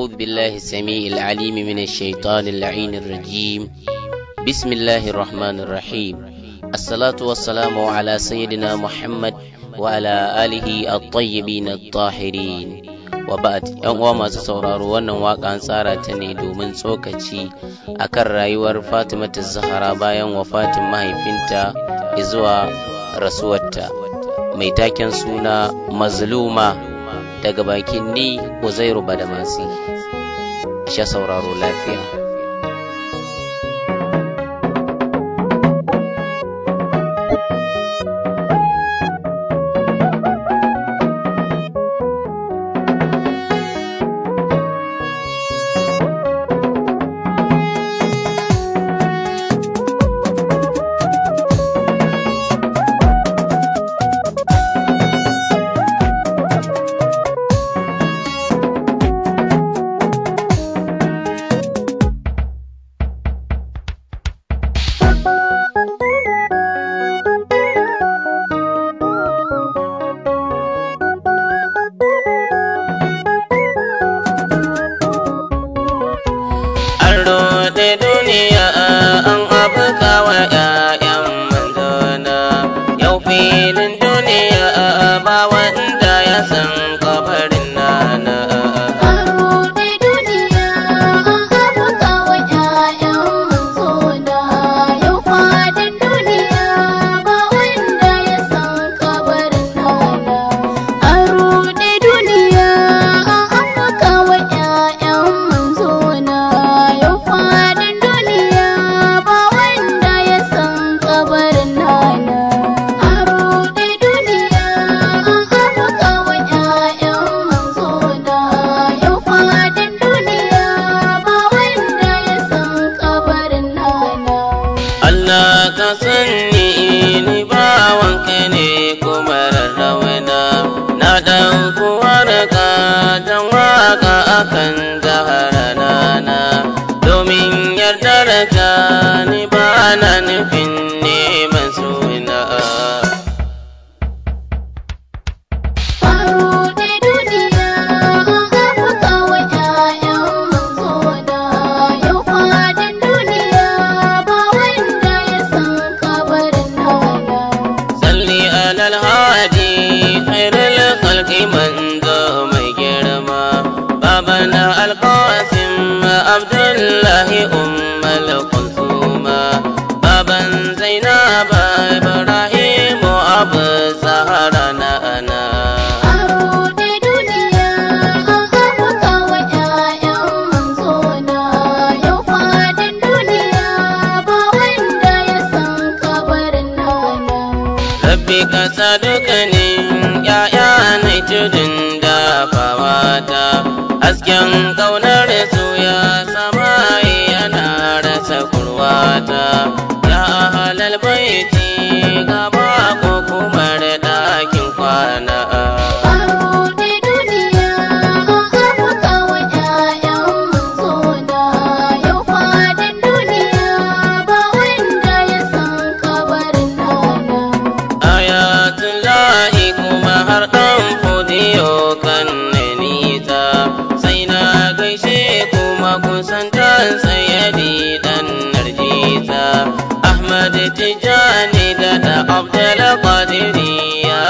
أعوذ بالله السميع العليم من الشيطان اللعين الرجيم بسم الله الرحمن الرحيم الصلاة والسلام على سيدنا محمد وعلى آله الطيبين الطاهرين وبعد yan uwa masu sauraro wannan waka an tsara ta ne domin tsokaci akan rayuwar Fatima ta Zahara bayan wafatin mahaifinta zuwa rasuwarta mai taken suna mazluma daga bakin ni Uzairu Badamasi. Sha sauraro lafiya. La ya ahlal tijani da da abdul qadiri ya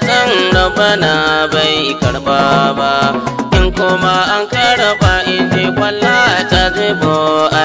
na san rabana bai karba ba in kuma an karba in ji kwallata zai bo a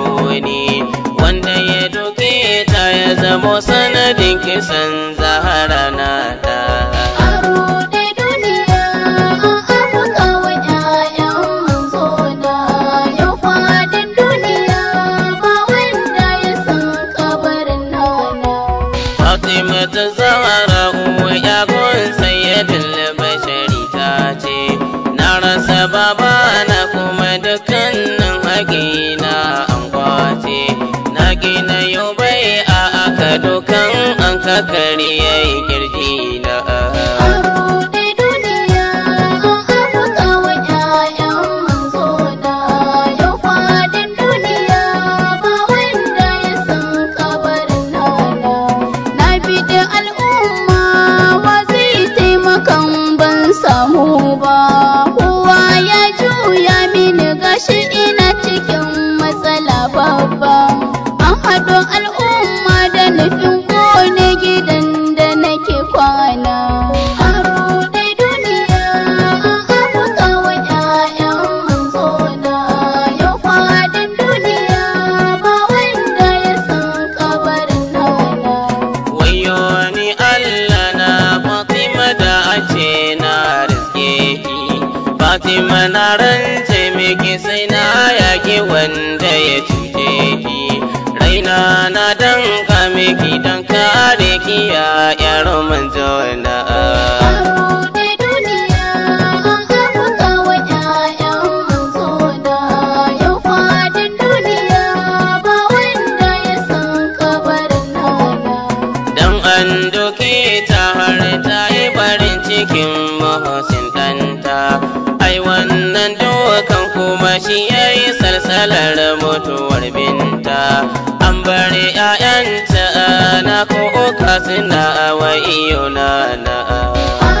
zamo sanadin kisan zahara na ta zakari ya yi kirji hasina wa iyona na'a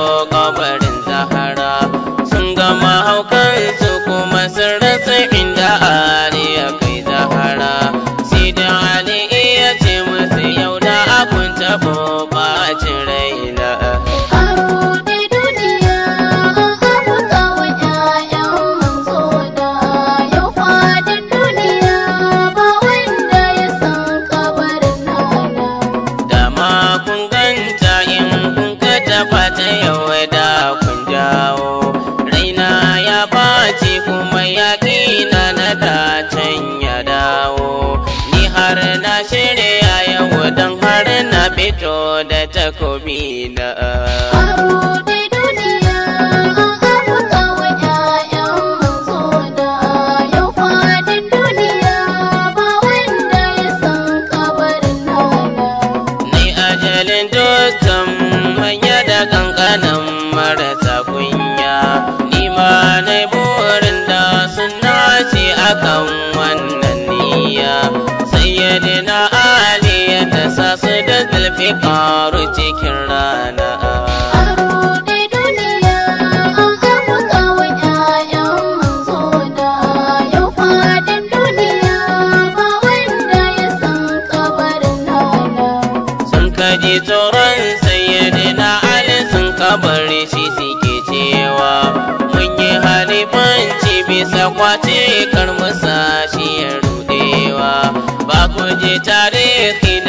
me je tarihi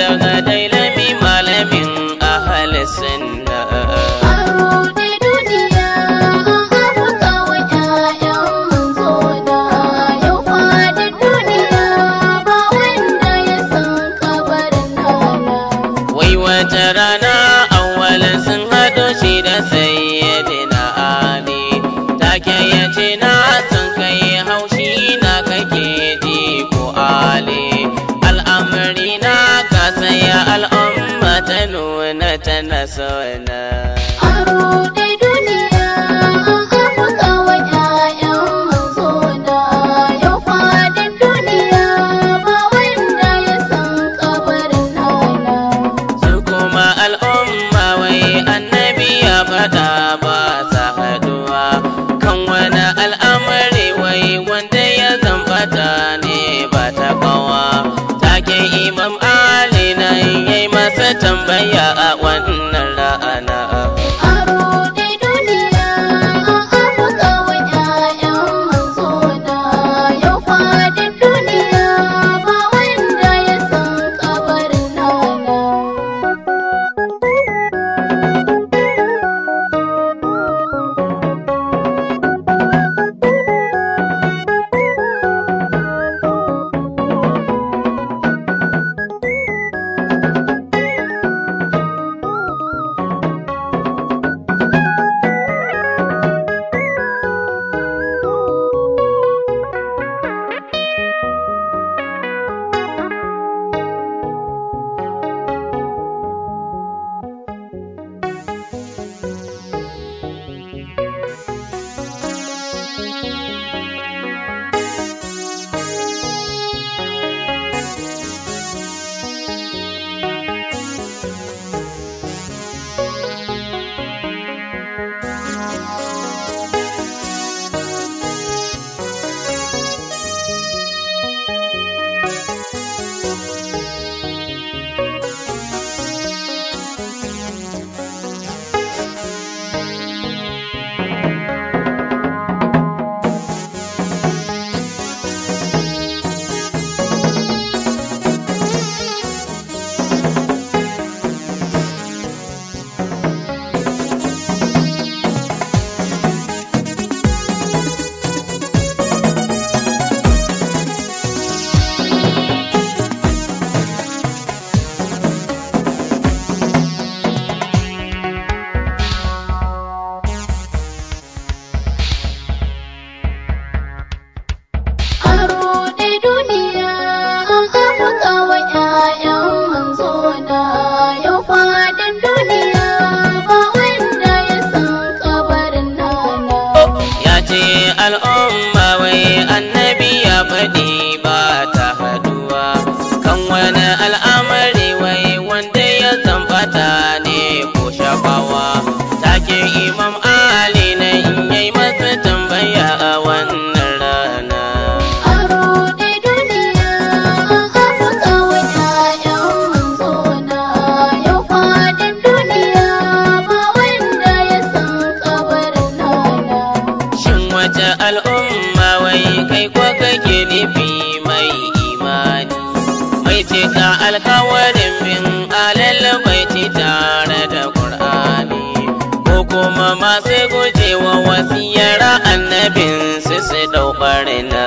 annabin su su ɗau ɓarina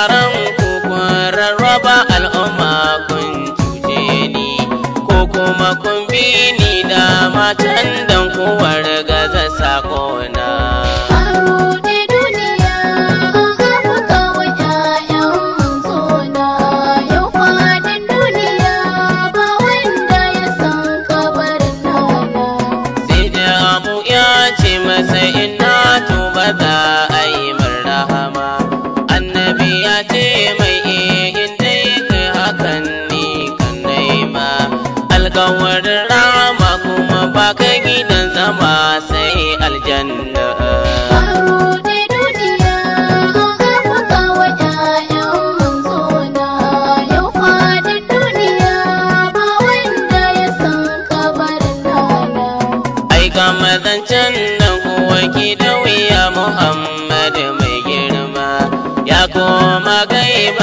yaran ku kun rarraba al'umma kun cuce ni ko kuma kun bi ni da matan Deva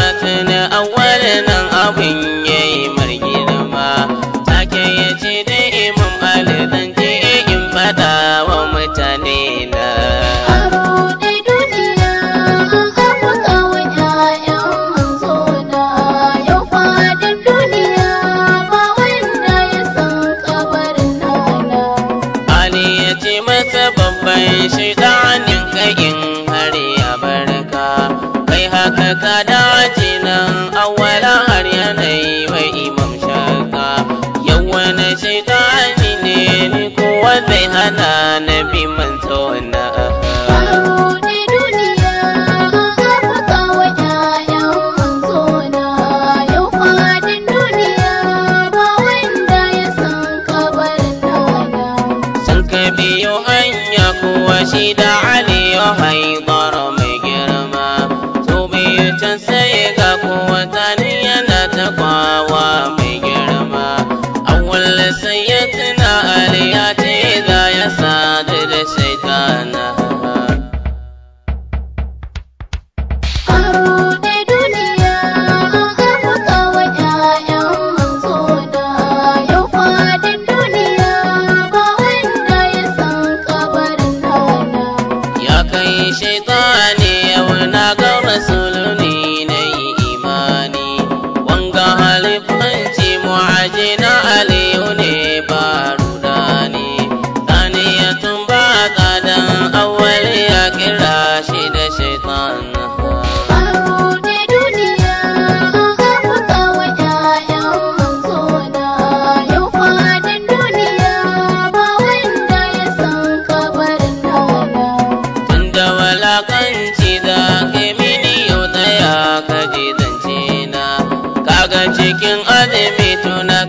Nida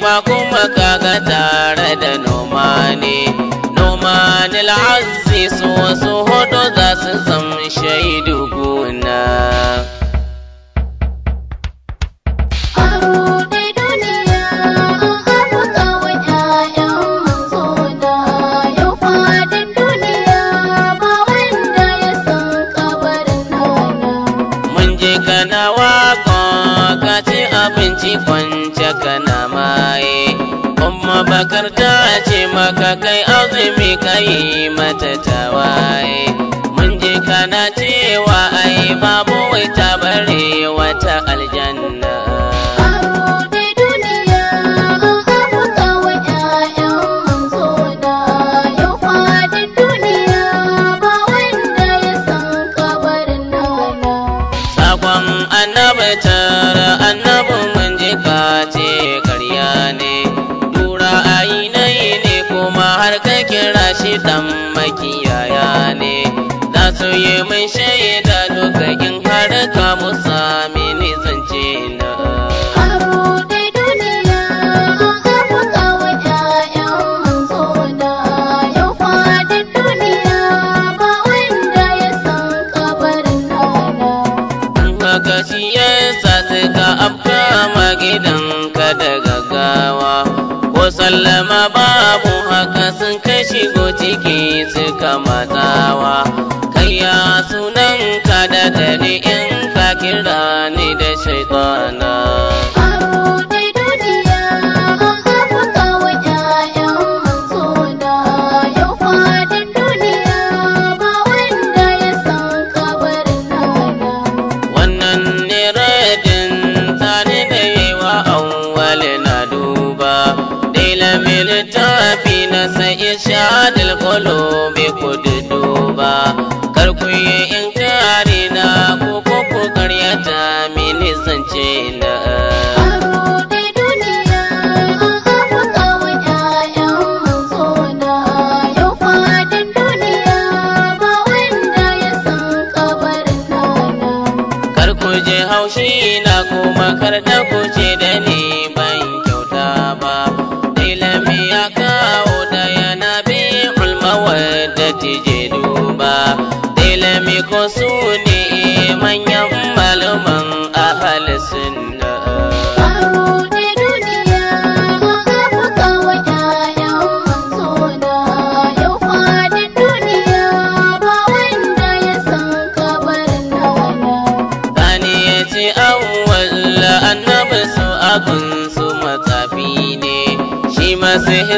fa kuma kaga tare da noma ne noma ne su wasu hoto za su zama shaidu ka kai azumi ka yi mata tawaye mun je kana cewa ai babu wai ta bare wata al Força. shi na kuma karɗa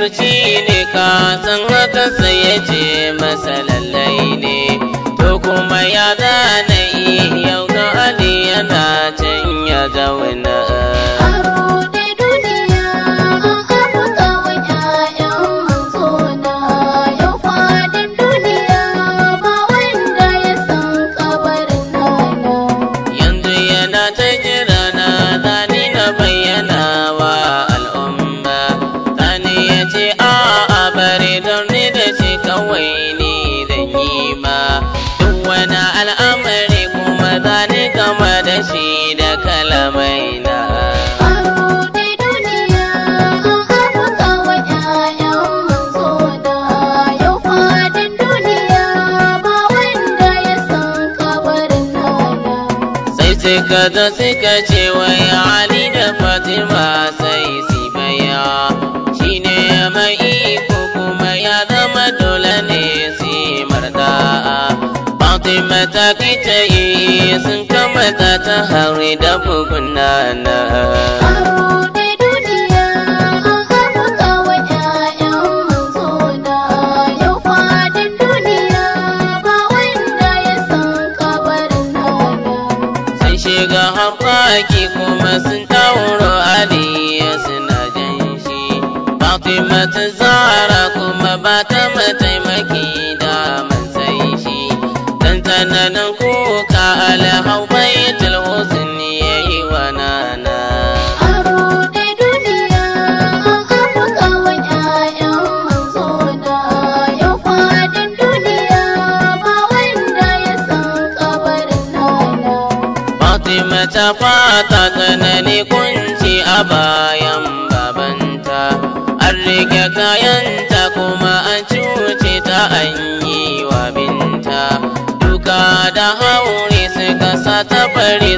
macuci ne ka san haka sai ya ce masa lallai ne to kuma ya zana yi yau na ali yana can ya zauna da suka ce wai Ali da Fatima sai su baya shi ne mai iko kuma ya zama dole ne su marda Fatima ta kai ta yi sun kamata ta hauri da bugun nana. Oh,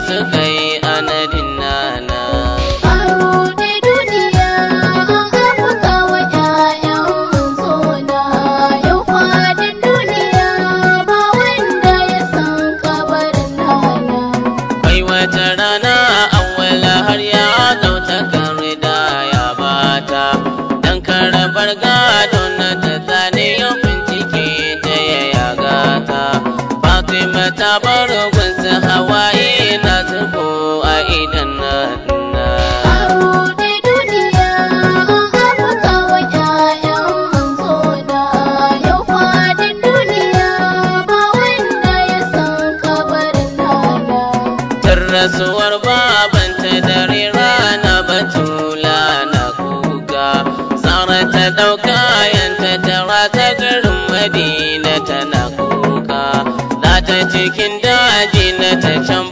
to madina ta can